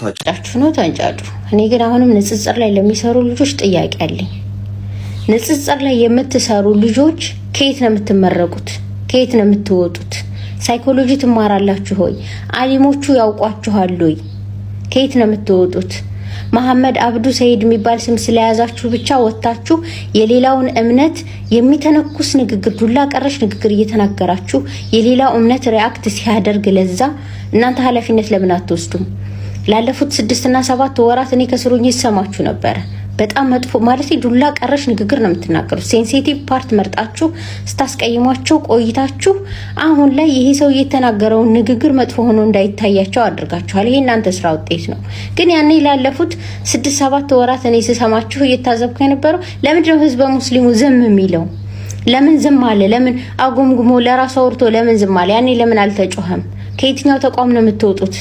ጫችሁ ነው ተንጫጩ። እኔ ግን አሁንም ንጽጽር ላይ ለሚሰሩ ልጆች ጥያቄ አለኝ። ንጽጽር ላይ የምትሰሩ ልጆች ከየት ነው የምትመረቁት? ከየት ነው የምትወጡት? ሳይኮሎጂ ትማራላችሁ ሆይ? አሊሞቹ ያውቋችኋል ሆይ? ከየት ነው የምትወጡት? መሐመድ አብዱ ሰይድ የሚባል ስም ስለያዛችሁ ብቻ ወጥታችሁ የሌላውን እምነት የሚተነኩስ ንግግር፣ ዱላ ቀረሽ ንግግር እየተናገራችሁ የሌላው እምነት ሪያክት ሲያደርግ ለዛ እናንተ ኃላፊነት ለምን አትወስዱም? ላለፉት ስድስትና ሰባት ወራት እኔ ከስሩኝ ይሰማችሁ ነበረ። በጣም መጥፎ ማለት ዱላ ቀረሽ ንግግር ነው የምትናገሩት። ሴንሲቲቭ ፓርት መርጣችሁ ስታስቀይሟቸው ቆይታችሁ አሁን ላይ ይሄ ሰው የተናገረውን ንግግር መጥፎ ሆኖ እንዳይታያቸው አድርጋችኋል። ይሄ እናንተ ስራ ውጤት ነው። ግን ያኔ ላለፉት ስድስት ሰባት ወራት እኔ ስሰማችሁ እየታዘብኩ የነበረው ለምንድነው ህዝበ ሙስሊሙ ዝም የሚለው? ለምን ዝም አለ? ለምን አጉምጉሞ ለራሱ አውርቶ ለምን ዝም አለ? ያኔ ለምን አልተጮኸም? ከየትኛው ተቋም ነው የምትወጡት?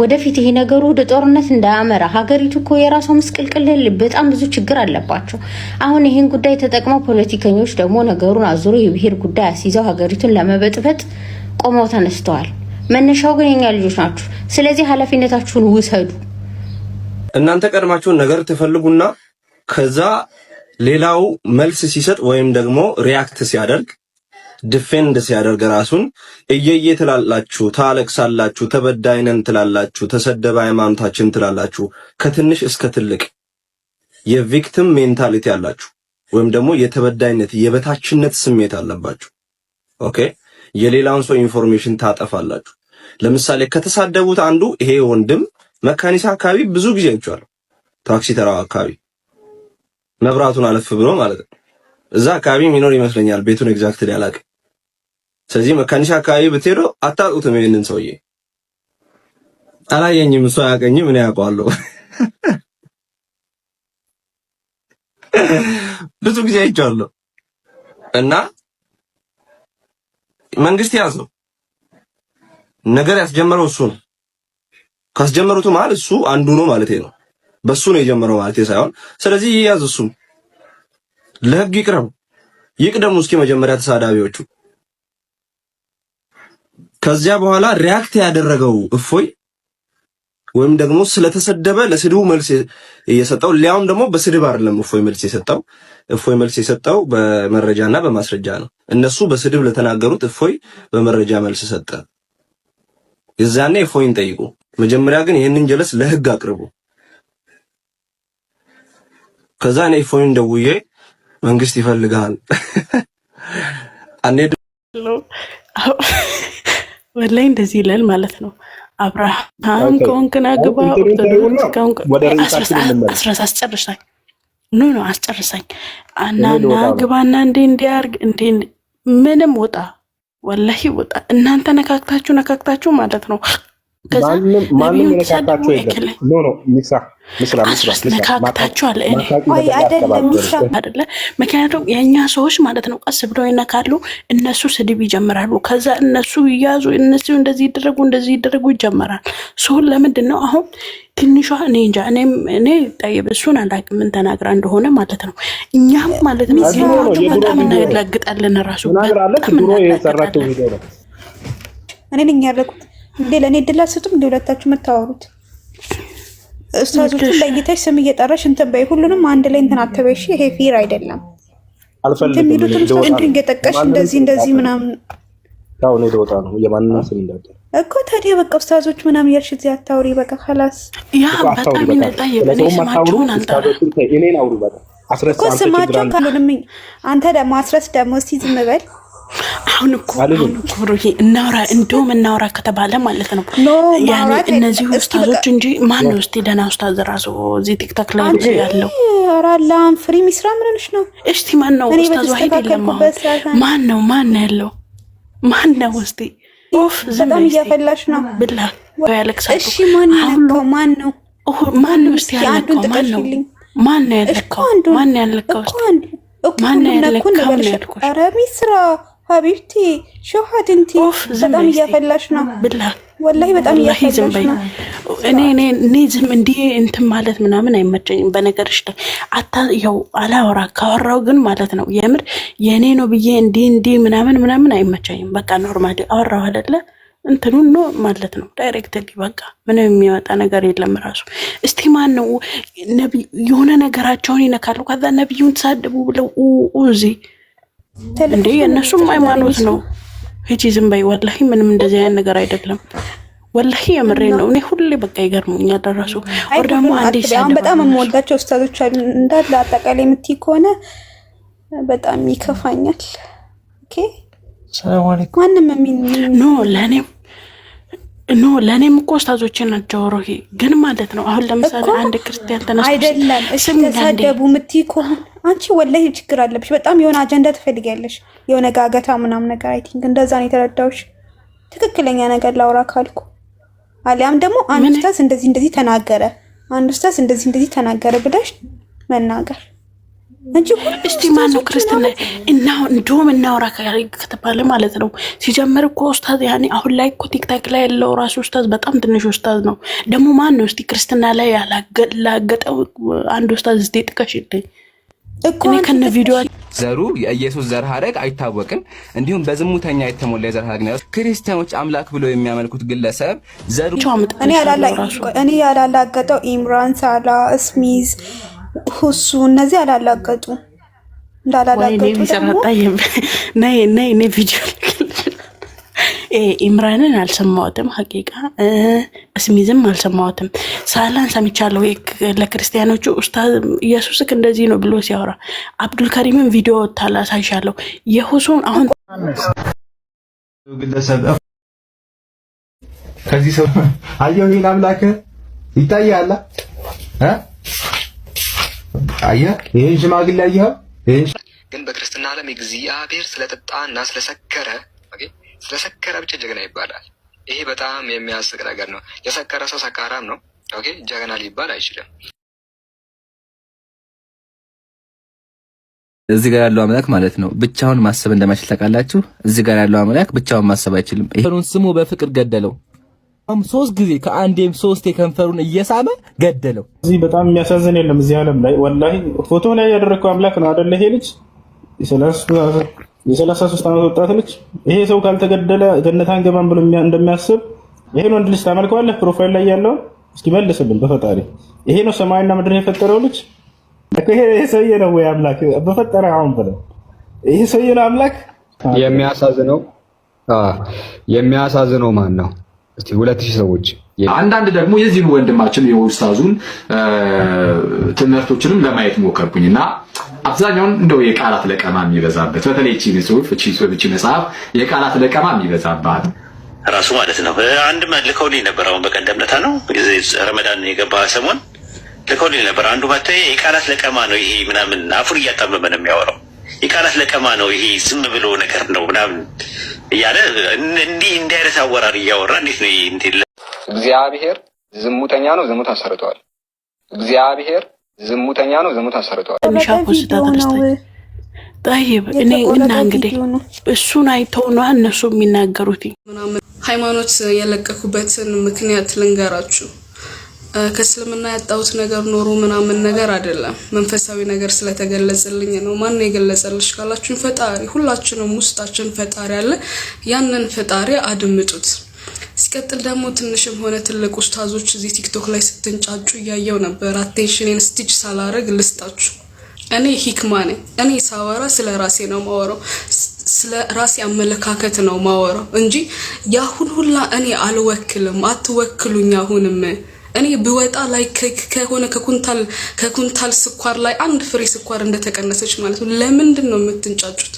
ወደፊት ይሄ ነገሩ ወደ ጦርነት እንዳያመራ ሀገሪቱ እኮ የራሷ ምስቅልቅል በጣም ብዙ ችግር አለባቸው። አሁን ይህን ጉዳይ ተጠቅመው ፖለቲከኞች ደግሞ ነገሩን አዙሮ የብሄር ጉዳይ አስይዘው ሀገሪቱን ለመበጥበጥ ቆመው ተነስተዋል። መነሻው ግን የኛ ልጆች ናችሁ። ስለዚህ ኃላፊነታችሁን ውሰዱ። እናንተ ቀድማችሁን ነገር ትፈልጉና ከዛ ሌላው መልስ ሲሰጥ ወይም ደግሞ ሪያክት ሲያደርግ ዲፌንድ ሲያደርግ ራሱን እየየ ትላላችሁ፣ ታለቅሳላችሁ፣ ተበዳይነን ትላላችሁ፣ ተሰደበ ሃይማኖታችን ትላላችሁ። ከትንሽ እስከ ትልቅ የቪክቲም ሜንታሊቲ አላችሁ ወይም ደግሞ የተበዳይነት የበታችነት ስሜት አለባችሁ። ኦኬ የሌላውን ሰው ኢንፎርሜሽን ታጠፋላችሁ። ለምሳሌ ከተሳደቡት አንዱ ይሄ ወንድም መካኒሳ አካባቢ ብዙ ጊዜ አይቼዋለሁ። ታክሲ ተራው አካባቢ መብራቱን አለፍ ብሎ ማለት ነው እዛ አካባቢ የሚኖር ይመስለኛል። ቤቱን ኤግዛክትሊ አላውቅም። ስለዚህ መካኒሻ አካባቢ ብትሄዱ አታጡትም ይሄንን ሰውዬ አላየኝም፣ እሱ አያውቀኝም፣ እኔ አውቀዋለሁ። ብዙ ጊዜ አይቼዋለሁ። እና መንግስት ያዘው ነገር ያስጀመረው እሱ ነው። ካስጀመሩት መሀል እሱ አንዱ ነው ማለት ነው። በሱ ነው የጀመረው ማለት ሳይሆን፣ ስለዚህ ይያዝ እሱም ለህግ ይቅረቡ፣ ይቅደሙ። እስኪ መጀመሪያ ተሳዳቢዎቹ። ከዚያ በኋላ ሪያክት ያደረገው እፎይ ወይም ደግሞ ስለተሰደበ ለስድቡ መልስ እየሰጠው ሊያውም ደግሞ በስድብ አይደለም። እፎይ መልስ የሰጠው እፎይ መልስ የሰጠው በመረጃና በማስረጃ ነው። እነሱ በስድብ ለተናገሩት እፎይ በመረጃ መልስ ሰጠ። የዛኔ እፎይን ጠይቁ። መጀመሪያ ግን ይህንን ጀለስ ለህግ አቅርቡ። ከዛ እኔ እፎይን ደውዬ መንግስት ይፈልጋል። ወላይ እንደዚህ ይላል ማለት ነው። አብርሃም ከሆንክና ግባ አስረስ አስጨርሳኝ፣ ኖ ኖ አስጨርሳኝ፣ እናና ግባና እንዴ እንዲያርግ እንዴ ምንም ወጣ፣ ወላሂ ወጣ። እናንተ ነካክታችሁ ነካክታችሁ ማለት ነው ምክንያቱም የእኛ ሰዎች ማለት ነው ቀስ ብለው ይነካሉ፣ እነሱ ስድብ ይጀምራሉ። ከዛ እነሱ ይያዙ፣ እነሱ እንደዚህ ይደረጉ፣ እንደዚህ ይደረጉ ይጀምራል። ሰውን ለምንድን ነው አሁን ትንሿ እኔ እንጃ እኔም እኔ ጠይብ እሱን አላውቅም ምን ተናግራ እንደሆነ ማለት ነው። እኛም ማለት ነው በጣም እናላግጣለን ራሱ ድሮ የሰራቸው ቪዲዮ ነው እኔ ነኝ እንዴ ለእኔ እድል አትሰጡም? እንዲ ሁለታችሁ የምታወሩት እስታዞቹን ለይተሽ ስም እየጠራሽ እንትን በይ። ሁሉንም አንድ ላይ እንትን አትበይ። ይሄ ፊር አይደለም። አልፈልግም የሚሉትን ስንድ እየጠቀሽ እንደዚህ እንደዚህ ምናምን ሁኔ ለወጣ ነው የማንና ስም እንዳጠ እኮ ታዲያ በቃ ኡስታዞች ምናምን እያልሽ እዚህ አታውሪ። በቃ ከላስ ያ በጣም ይመጣል። ስማቸውን አንተ ደግሞ አስረስ ደግሞ እስኪ ዝም በል አሁን እኮ አሁን እናውራ እንደውም እናውራ ከተባለ ማለት ነው ያኔ እነዚህ ውስታዞች እንጂ ማን ውስጥ ደህና ውስታዝ ራሱ እዚህ ቲክታክ ላይ ያለው። ራላን ፍሪ ሚስራ ምን ነው? እስቲ ማን ነው ውስታዝ? ዋሂድ የለም አሁን ማን ነው ማን ያለው ማን ነው ውስጥ ኦፍ ዝም እያፈላሽ ነው ብላ ያለቅሳሉ። እሺ ማን ነው ማን ነው ማን ነው ውስጥ ያለቀው ማን ነው ማን ነው ያለቀው ማን ነው ያለቀው ማን ነው ያለቀው ነው ያልኩሽ ኧረ ሀቢብቲ ሸው በጣም እያፈላሽ ነው። ወላሂ በጣም እያፈላሽ ነው። እኔ እኔ እኔ ዝም እንዲህ እንትን ማለት ምናምን አይመቸኝም። በነገርሽ ላይ አታ ያው አላወራ ካወራው ግን ማለት ነው የምር የእኔ ነው ብዬ እንዲህ እንዲህ ምናምን ምናምን አይመቸኝም። በቃ ኖርማሊ አወራው አይደለ እንትኑን ማለት ነው ዳይሬክትሊ በቃ ምንም የሚወጣ ነገር የለም። ራሱ እስቲ ማን ነው የሆነ ነገራቸውን ይነካሉ። ከዛ ነቢዩን ሳድቡ ብለው እዚህ እንዴ የእነሱም ሃይማኖት ነው። ሂጂ ዝም በይ። ወላሂ ምንም እንደዚህ አይነት ነገር አይደለም። ወላሂ የምሬ ነው። እኔ ሁሌ በቃ ይገርሙኛል። ደረሱ ወር ደግሞ አሁን በጣም የምወዳቸው ኡስታዞች አሉ እንዳለ አጠቃላይ የምትይ ከሆነ በጣም ይከፋኛል። ኦኬ ሰላም አለይኩም። ማንም የሚል ኖ ለእኔ ኖ ለእኔም እኮ ኡስታዞቼ ናቸው። ሮሂ ግን ማለት ነው አሁን ለምሳሌ አንድ ክርስቲያን ተነስቶ አይደለም እሺ ተሳደቡ የምትይ ከሆነ አንቺ ወላሂ ችግር አለብሽ። በጣም የሆነ አጀንዳ ትፈልጊያለሽ፣ የሆነ ጋገታ ምናምን ነገር። አይ ቲንክ እንደዛ ነው ትክክለኛ ነገር ላውራ ካልኩ አሊያም ደግሞ አንድ ኡስታዝ እንደዚህ እንደዚህ ተናገረ፣ አንድ ኡስታዝ እንደዚህ እንደዚህ ተናገረ ብለሽ መናገር እስቲ ማን ነው ክርስትና እና እንዲሁም እናውራ ከተባለ ማለት ነው። ሲጀምር እኮ ኡስታዝ ያኔ አሁን ላይ እኮ ቲክታክ ላይ ያለው ራሱ ኡስታዝ በጣም ትንሽ ኡስታዝ ነው። ደግሞ ማን ነው እስቲ ክርስትና ላይ ያላገጠው አንድ ኡስታዝ እስቲ ጥቀሽልኝ። ከነ ቪዲዮ ዘሩ የኢየሱስ ዘር ሐረግ አይታወቅም። እንዲሁም በዝሙተኛ የተሞላ የዘር ሐረግ ነው። ክርስቲያኖች አምላክ ብሎ የሚያመልኩት ግለሰብ ዘሩ እኔ ያላላገጠው ኢምራን ሳላ፣ ስሚዝ፣ ሁሱ እነዚህ አላላገጡ እንዳላላገጡ ደግሞ ነይ ነይ ቪዲዮ ኢምራንን አልሰማሁትም። ሀቂቃ እስሚዝም አልሰማሁትም። ሳላን ሰምቻለሁ። ለክርስቲያኖቹ ኡስታዝ ኢየሱስክ እንደዚህ ነው ብሎ ሲያወራ አብዱልከሪምን ቪዲዮ ታላሳይሻለሁ። የሁሱን አሁን ከዚህ ሰው አየው ይህን አምላክ ይታያል። አየህ ይህን ሽማግሌ አየኸው። ግን በክርስትና ዓለም እግዚአብሔር ስለጠጣና ስለሰከረ ስለሰከረ ብቻ ጀግና ይባላል። ይሄ በጣም የሚያስቅ ነገር ነው። የሰከረ ሰው ሰካራም ነው። ኦኬ ጀግና ሊባል አይችልም። እዚህ ጋር ያለው አምላክ ማለት ነው ብቻውን ማሰብ እንደማይችል ታውቃላችሁ። እዚህ ጋር ያለው አምላክ ብቻውን ማሰብ አይችልም። ይሄን ስሙ በፍቅር ገደለው። አም ሶስት ጊዜ ከአንዴም ሶስት የከንፈሩን እየሳመ ገደለው። እዚህ በጣም የሚያሳዝን የለም እዚህ ዓለም ላይ ወላሂ ፎቶ ላይ ያደረገው አምላክ ነው አይደለ ይሄ ልጅ የሰላሳ ሶስት ዓመት ወጣት ልጅ ይሄ ሰው ካልተገደለ ገነት አንገባም ብሎ እንደሚያስብ ይሄን ወንድ ልጅ ታመልከዋለህ? ፕሮፋይል ላይ ያለውን እስኪ መልስልን በፈጣሪ ይሄ ነው ሰማይና ምድር የፈጠረው ልጅ ይሄ ሰውዬ ነው ወይ አምላክ በፈጠረ አሁን ብለ ይሄ ሰውዬ ነው አምላክ። የሚያሳዝነው የሚያሳዝነው ማን ነው? እስኪ ሁለት ሺህ ሰዎች አንዳንድ ደግሞ የዚህን ወንድማችን የኡስታዙን ትምህርቶችንም ለማየት ሞከርኩኝ እና አብዛኛውን እንደው የቃላት ለቀማ የሚበዛበት በተለይ እቺ ጽሁፍ እቺ ጽሁፍ እቺ መጽሐፍ የቃላት ለቀማ የሚበዛባት ራሱ ማለት ነው። አንድ ልከውልኝ ነበር አሁን በቀደም ለታ ነው ረመዳን የገባ ሰሞን ልከውልኝ ነበር። አንዱ ባታ የቃላት ለቀማ ነው ይሄ ምናምን አፉን እያጣመመ ነው የሚያወራው የቃላት ለቀማ ነው ይሄ ዝም ብሎ ነገር ነው ምናምን እያለ እንዲህ እንዲህ አይነት አወራር እያወራ እንዴት ነው እግዚአብሔር ዝሙተኛ ነው፣ ዝሙት አሰርተዋል። እግዚአብሔር ዝሙተኛ ነው፣ ዝሙት አሰርተዋል። ጣይብ እኔ እና እንግዲህ እሱን አይተው ነው እነሱ የሚናገሩት። ሃይማኖት የለቀኩበትን ምክንያት ልንገራችሁ። ከእስልምና ያጣሁት ነገር ኖሮ ምናምን ነገር አይደለም። መንፈሳዊ ነገር ስለተገለጸልኝ ነው። ማን የገለጸልሽ ካላችሁን፣ ፈጣሪ ሁላችንም ውስጣችን ፈጣሪ አለ። ያንን ፈጣሪ አድምጡት። ሲቀጥል ደግሞ ትንሽም ሆነ ትልቅ ውስታዞች እዚህ ቲክቶክ ላይ ስትንጫጩ እያየው ነበር። አቴንሽንን ስቲች ሳላረግ ልስጣችሁ። እኔ ሂክማ ነኝ። እኔ ሳወራ ስለ ራሴ ነው ማወራው፣ ስለ ራሴ አመለካከት ነው ማወራው እንጂ ያሁን ሁላ እኔ አልወክልም። አትወክሉኝ። አሁንም እኔ ብወጣ ላይ ከሆነ ከኩንታል ስኳር ላይ አንድ ፍሬ ስኳር እንደተቀነሰች ማለት ነው። ለምንድን ነው የምትንጫጩት?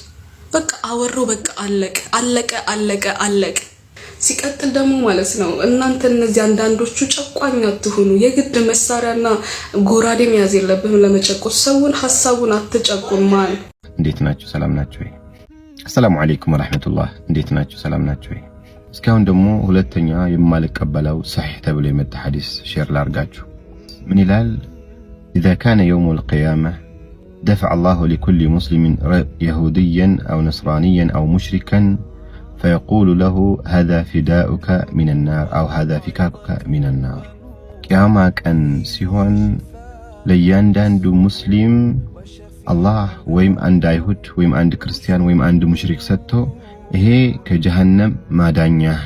በቃ አወራው፣ በቃ አለቀ፣ አለቀ፣ አለቀ፣ አለቀ። ሲቀጥል ደግሞ ማለት ነው እናንተ እነዚህ አንዳንዶቹ ጨቋኝ አትሆኑ። የግድ መሳሪያና ጎራዴ መያዝ የለብህም ለመጨቆስ ሰውን ሀሳቡን አትጨቁም። ማን እንዴት ናቸው? ሰላም ናቸው አሰላሙ አለይኩም ወራህመቱላህ። እንዴት ናቸው? ሰላም ናቸው እስካሁን ደግሞ ሁለተኛ የማልቀበለው ሰሒህ ተብሎ የመጣ ሐዲስ ሼር ላርጋችሁ። ምን ይላል? ኢዛ ካነ የውም ልቅያማ ደፈዐ ላሁ ሊኩሊ ሙስሊሚን የሁድየን አው ነስራንየን አው ሙሽሪከን ፈየቁሉ ለሁ ሃዛ ፊዳኡከ ሚንናር አው ሃዛ ፊካኩከ ሚንናር። ቅያማ ቀን ሲሆን ለእያንዳንዱ ሙስሊም አላህ ወይም አንድ አይሁድ ወይም አንድ ክርስቲያን ወይም አንድ ሙሽሪክ ሰጥቶ ይሄ ከጀሃነም ማዳኛህ፣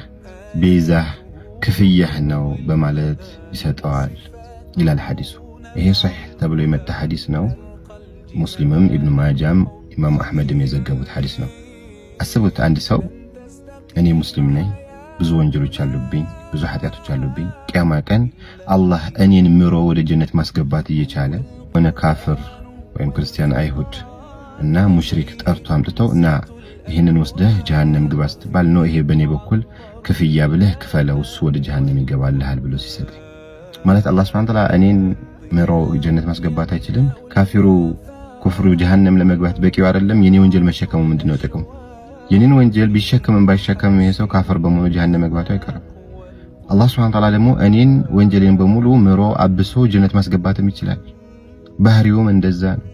ቤዛህ፣ ክፍያህ ነው በማለት ይሰጠዋል ይላል ሐዲሱ። ይሄ ሰሒሕ ተብሎ የመጣ ሐዲስ ነው። ሙስሊምም ኢብኑ ማጃም ኢማሙ አሕመድም የዘገቡት ሐዲስ ነው። አስቡት አንድ ሰው እኔ ሙስሊም ነኝ፣ ብዙ ወንጀሎች አሉብኝ፣ ብዙ ኃጢአቶች አሉብኝ። ቅያማ ቀን አላህ እኔን ምሮ ወደ ጀነት ማስገባት እየቻለ ሆነ ካፍር ወይም ክርስቲያን፣ አይሁድ እና ሙሽሪክ ጠርቶ አምጥተው እና ይህንን ወስደህ ጀሃነም ግባ ስትባል ነው ይሄ በእኔ በኩል ክፍያ ብለህ ክፈለው እሱ ወደ ጀሃነም ይገባልሃል ብሎ ሲሰጥ ማለት አላህ ስብሐነ ተዓላ እኔን ምሮ ጀነት ማስገባት አይችልም። ካፊሩ ኩፍሩ ጀሃነም ለመግባት በቂው አይደለም። የኔ ወንጀል መሸከሙ ምንድነው ነው ጥቅም? የኔን ወንጀል ቢሸከምም ባይሸከምም ይሄ ሰው ካፈር በመሆኑ ጀሃነም መግባቱ አይቀርም። አላህ ሱብሓነሁ ወተዓላ ደግሞ እኔን ወንጀሌን በሙሉ ምሮ አብሶ ጀነት ማስገባትም ይችላል። ባህሪውም እንደዛ ነው።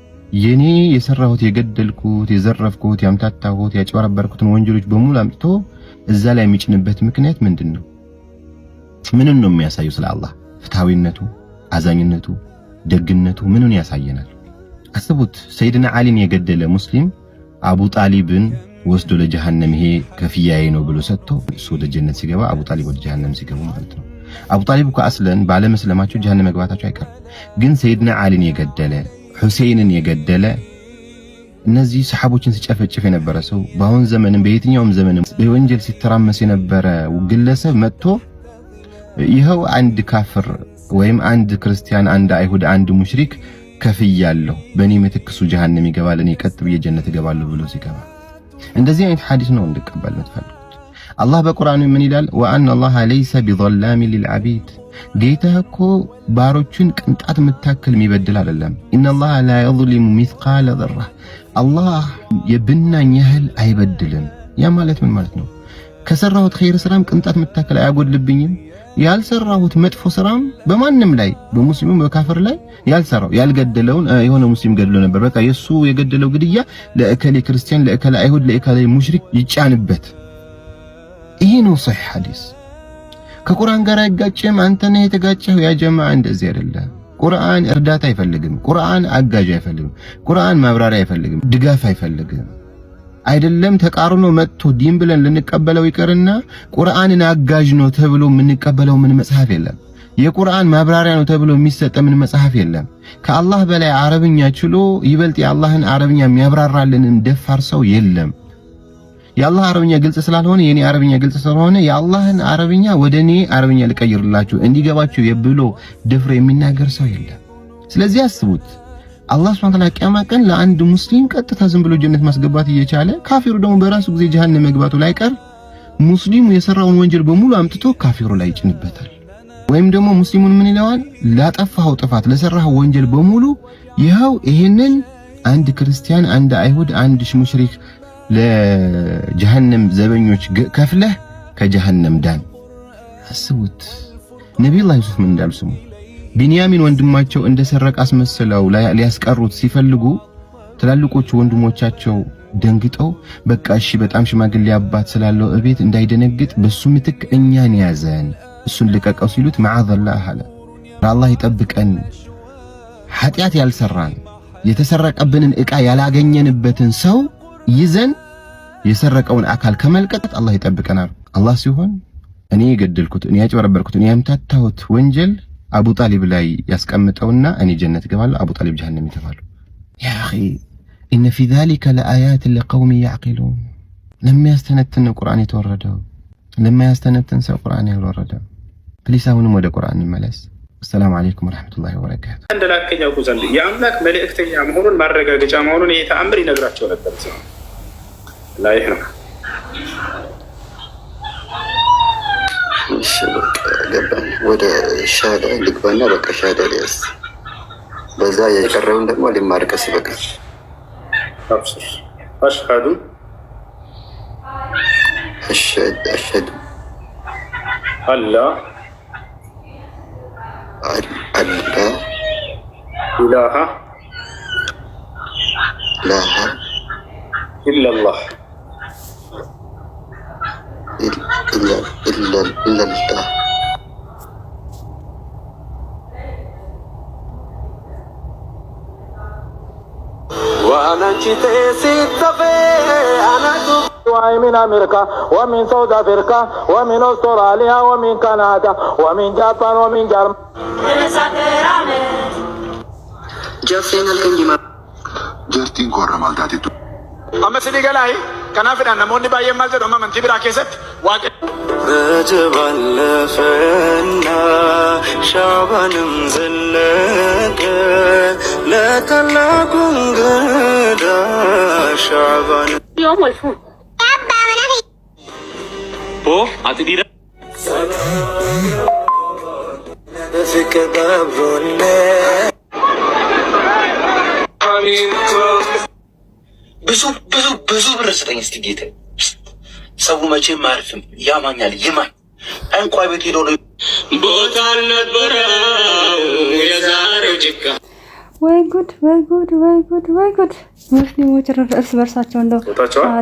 የኔ የሰራሁት፣ የገደልኩት፣ የዘረፍኩት፣ ያምታታሁት፣ ያጨበረበርኩትን ወንጀሎች በሙሉ አምጥቶ እዛ ላይ የሚጭንበት ምክንያት ምንድን ነው? ምንን ነው የሚያሳዩ? ስለ አላህ ፍትሃዊነቱ አዛኝነቱ፣ ደግነቱ ምንን ያሳየናል? አስቡት፣ ሰይድና አሊን የገደለ ሙስሊም አቡ ጣሊብን ወስዶ ለጀሃነም ይሄ ከፍያዬ ነው ብሎ ሰጥቶ እሱ ወደ ጀነት ሲገባ አቡጣሊብ ወደ ጀሃነም ሲገቡ ማለት ነው። አቡጣሊብ እኮ አስለን ባለመስለማቸው ጀሃነም መግባታቸው አይቀርም። ግን ሰይድና አሊን የገደለ ሁሴይንን የገደለ እነዚህ ሰሓቦችን ሲጨፈጭፍ የነበረ ሰው በአሁን ዘመንም በየትኛውም ዘመንም በወንጀል ሲተራመስ የነበረ ግለሰብ መጥቶ ይኸው አንድ ካፍር ወይም አንድ ክርስቲያን፣ አንድ አይሁድ፣ አንድ ሙሽሪክ ከፍያለሁ በእኔ ምትክሱ ጀሃነም ይገባል እኔ ቀጥ ብዬ ጀነት እገባለሁ ብሎ ሲገባ እንደዚህ አይነት ሐዲስ ነው እንድቀበል የምትፈልጉት። አላህ በቁርአኑ ምን ይላል? ወአን አላህ ለይሰ ቢዘላሚ ሊልዓቢድ ጌታ እኮ ባሮቹን ቅንጣት የምታክል የሚበድል አይደለም። ኢነላህ ላ የዝሊሙ ሚስቃለ ዘራ አላህ የብናኝ ያህል አይበድልም። ያ ማለት ምን ማለት ነው? ከሰራሁት ኸይር ስራም ቅንጣት የምታክል አያጎድልብኝም ያልሰራሁት መጥፎ ስራም በማንም ላይ በሙስሊሙ በካፍር ላይ ያልሰራው ያልገደለውን የሆነ ሙስሊም ገድሎ ነበር። በቃ የሱ የገደለው ግድያ ለእከሌ ክርስቲያን፣ ለእከሌ አይሁድ፣ ለእከሌ ሙሽሪክ ይጫንበት። ይሄ ነው ሰሂህ ሐዲስ። ከቁርአን ጋር አይጋጭም። አንተ ነህ የተጋጨኸው። ያ ጀማዓ እንደዚህ አይደለም። ቁርአን እርዳታ አይፈልግም። ቁርአን አጋዥ አይፈልግም። ቁርአን ማብራሪያ አይፈልግም። ድጋፍ አይፈልግም። አይደለም ተቃርኖ መጥቶ ዲን ብለን ልንቀበለው ይቅርና ቁርአንን አጋዥ ነው ተብሎ የምንቀበለው ምን መጽሐፍ የለም። የቁርአን ማብራሪያ ነው ተብሎ የሚሰጠ ምን መጽሐፍ የለም። ከአላህ በላይ አረብኛ ችሎ ይበልጥ የአላህን አረብኛ የሚያብራራልንን ደፋር ሰው የለም። የአላህ አረብኛ ግልጽ ስላልሆነ የኔ አረብኛ ግልጽ ስለሆነ የአላህን አረብኛ ወደ እኔ አረብኛ ልቀይርላችሁ እንዲገባችሁ የብሎ ደፍሮ የሚናገር ሰው የለም። ስለዚህ አስቡት። አላህ ሱብሓነሁ ወተዓላ ቂያማ ቀን ለአንድ ሙስሊም ቀጥታ ዝም ብሎ ጀነት ማስገባት እየቻለ ካፊሩ ደግሞ በራሱ ጊዜ ጀሃነም መግባቱ ላይቀር ሙስሊሙ የሰራውን ወንጀል በሙሉ አምጥቶ ካፊሩ ላይ ይጭንበታል። ወይም ደግሞ ሙስሊሙን ምን ይለዋል? ላጠፋኸው ጥፋት ለሰራኸው ወንጀል በሙሉ ይኸው ይሄንን አንድ ክርስቲያን፣ አንድ አይሁድ፣ አንድ ሙሽሪክ ለጀሃነም ዘበኞች ከፍለህ ከጀሃነም ዳን። አስቡት ነቢዩላህ ዩሱፍ ምን እንዳሉ ስሙ ቢንያሚን ወንድማቸው እንደ ሰረቅ አስመስለው ሊያስቀሩት ሲፈልጉ ትላልቆቹ ወንድሞቻቸው ደንግጠው በቃ እሺ፣ በጣም ሽማግሌ አባት ስላለው እቤት እንዳይደነግጥ በሱ ምትክ እኛን ያዘን እሱን ልቀቀው ሲሉት መዓዘላህ አለ። አላህ ይጠብቀን። ኃጢአት ያልሰራን የተሰረቀብንን ዕቃ ያላገኘንበትን ሰው ይዘን የሰረቀውን አካል ከመልቀጥ አላህ ይጠብቀናል። አላህ ሲሆን እኔ የገደልኩት እኔ ያጭበረበርኩት እኔ ያምታታሁት ወንጀል አቡ ጣሊብ ላይ ያስቀምጠውና እኔ ጀነት እገባለሁ፣ አቡ ጣሊብ ጀሃነም ይገባሉ። ያ አኺ ፊ ዛሊከ ለአያት ለቀውም ያዕቂሉን። ለሚያስተነትን ነው ቁርአን የተወረደው። ለማያስተነትን ሰው ቁርአን ያልወረደው። ፕሊስ አሁንም ወደ ቁርአን እንመለስ። አሰላሙ አለይኩም ወረሕመቱላሂ ወበረካቱ። እንደ ላከኝ ያውቁ የአምላክ መልእክተኛ መሆኑን ማረጋገጫ መሆኑን ይህ ተአምር ይነግራቸው ነበር። ይህ ነው ገባን ወደ ሻዳ ልግባና በቃ ሻዳ ሊያስ በዛ የቀረውን ደግሞ ሊማርከስ በቃ አሽሀዱ አሽሀዱ አላ አላ ኢላሃ ኢላሃ ኢላላህ إلا إلا الله ومن أمريكا ومن ساوث أفريقيا ومن أستراليا ومن كندا ومن جابان ومن جرمانيا Jartiin korra maal taatetu? Amma sidii galaayi. Kanaaf idhaan namoonni baay'een maal jedhu amma amantii biraa keessatti waaqa. رجب لفنا شعبا زلك لا تلاقون شعبان يوم والفول بو عطيني بفك باب ብዙ ብዙ ብዙ ብር ስጠኝ እስቲ ጌታ። ሰው መቼም አያርፍም፣ ያማኛል። ይማኝ ጠንቋይ ቤት ሄዶ ነው ቦታ አልነበረው የዛሬው ጭቃ። ወይ ጉድ ወይ ጉድ ወይ ጉድ ወይ ጉድ ሙስሊሞች እርስ በርሳቸው እንደው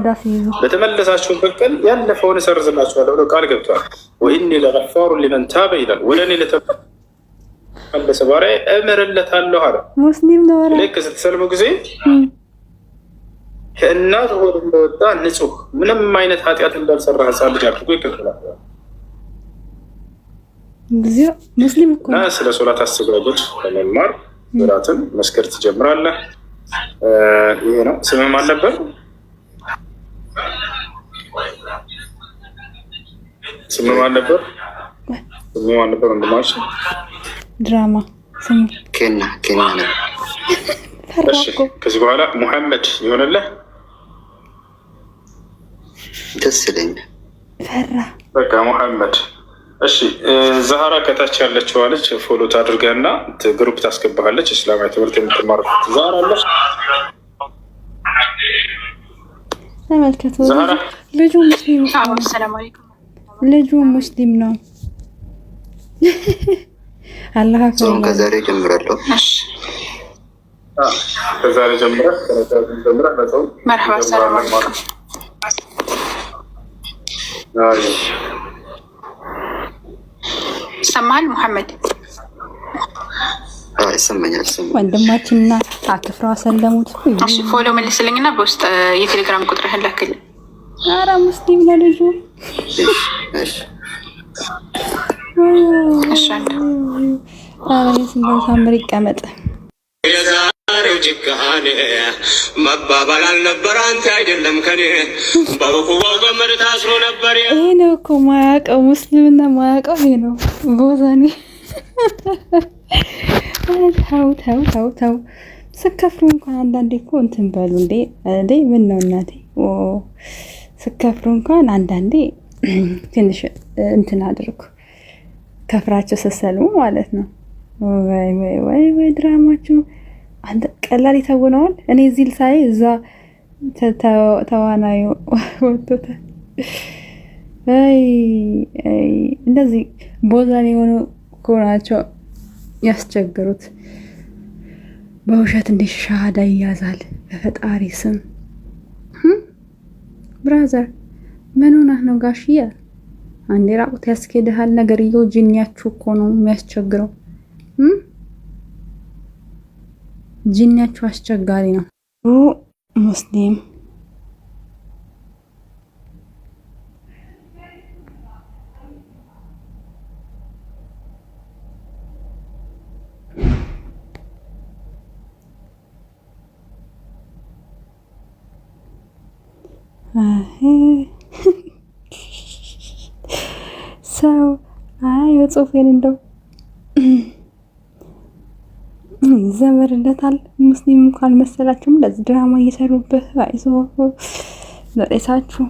ዳ ሲይዙ በተመለሳችሁበት ያለፈውን እሰርዝላችኋለሁ ብለው ቃል ገብተዋል። ወይኒ ለገፋሩ ሊመን ታበ ይላል። ወደ እኔ ለተመለሰ ባሪያ እምርለታለሁ አለ። ሙስሊም ነው። ልክ ስትሰልሙ ጊዜ ከእናት ሆድ እንደወጣ ንጹህ ምንም አይነት ኃጢአት እንዳልሰራ ህፃን ልጅ አድርጎ ይቀጥላል። ሙስሊም ስለ ሶላት አስበበት ለመማር ብራትን መስከር ትጀምራለህ ይሄ ነው። ስምም አልነበር ስምም አልነበር ስምም አልነበር ወንድማች ድራማ ኬና ኬና ነው። ከዚህ በኋላ ሙሐመድ ይሆንልህ ደስ ይለኛል። ፈራ በቃ ሙሐመድ እሺ ዛህራ ከታች ያለችው አለች ፎሎ ታድርገ እና ግሩፕ ታስገባሃለች። እስላማዊ ትምህርት የምትማር ዛህራ አለች። ተመልከቱ፣ ልጁ ሙስሊም ልጁ ሙስሊም ነው። አላህ ከዛሬ ጀምራለሁ። ከዛሬ ጀምረህ ጀምረህ ሰላም አለይኩም ይሰማሃል ሙሐመድ? ይሰማኛል። ወንድማችንና አክፍረው አሰለሙት። ፎሎ መልስልኝና በውስጥ የቴሌግራም ቁጥርህን ላክልኝ። ኧረ ሙስሊም ነው ልጁ። ታምር ይቀመጥ። ጭካኔ መባባል አልነበረ አንተ አይደለም ከኔ በበኩባው ገመድ ታስሮ ነበር። ይሄ ነው እኮ ማያውቀው ሙስሊምና ማያውቀው ይሄ ነው ቦዘኔ። ተው ተው ተው ተው፣ ስከፍሩ እንኳን አንዳንዴ እኮ እንትን በሉ እንዴ እንዴ! ምን ነው እናቴ፣ ስከፍሩ እንኳን አንዳንዴ ትንሽ እንትን አድርጉ፣ ከፍራቸው ስትሰልሙ ማለት ነው። ወይ ወይ ወይ ወይ ድራማችሁ አንተ ቀላል የተውነውን እኔ እዚህ ሳይ እዛ ተዋናዩ ወጥቶታል። እንደዚህ ቦዛን የሆኑ ከሆናቸው ያስቸገሩት በውሸት እንዴት ሻሃዳ ይያዛል? በፈጣሪ ስም ብራዘር ምን ሆነህ ነው ጋሽዬ? አንዴ ራቁት ያስኬድሃል። ነገርየው ጅንያችሁ እኮ ነው የሚያስቸግረው። ጂኒያችሁ አስቸጋሪ ነው። ሙስሊም ሰው አይ በጽሁፌን እንደው ይዘመርለታል። ሙስሊም እንኳን መሰላችሁ እንደዚህ ድራማ እየሰሩበት አይዞ ዘሬሳችሁ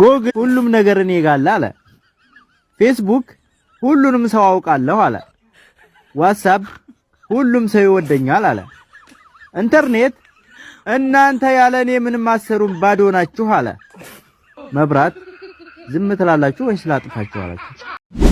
ጎግል ሁሉም ነገር እኔ ጋር አለ። ፌስቡክ ሁሉንም ሰው አውቃለሁ አለ። ዋትስአፕ ሁሉም ሰው ይወደኛል አለ። ኢንተርኔት እናንተ ያለ እኔ ምንም አሰሩም ባዶ ናችሁ አለ። መብራት ዝም ትላላችሁ ወይስ ላጥፋችሁ አላችሁ?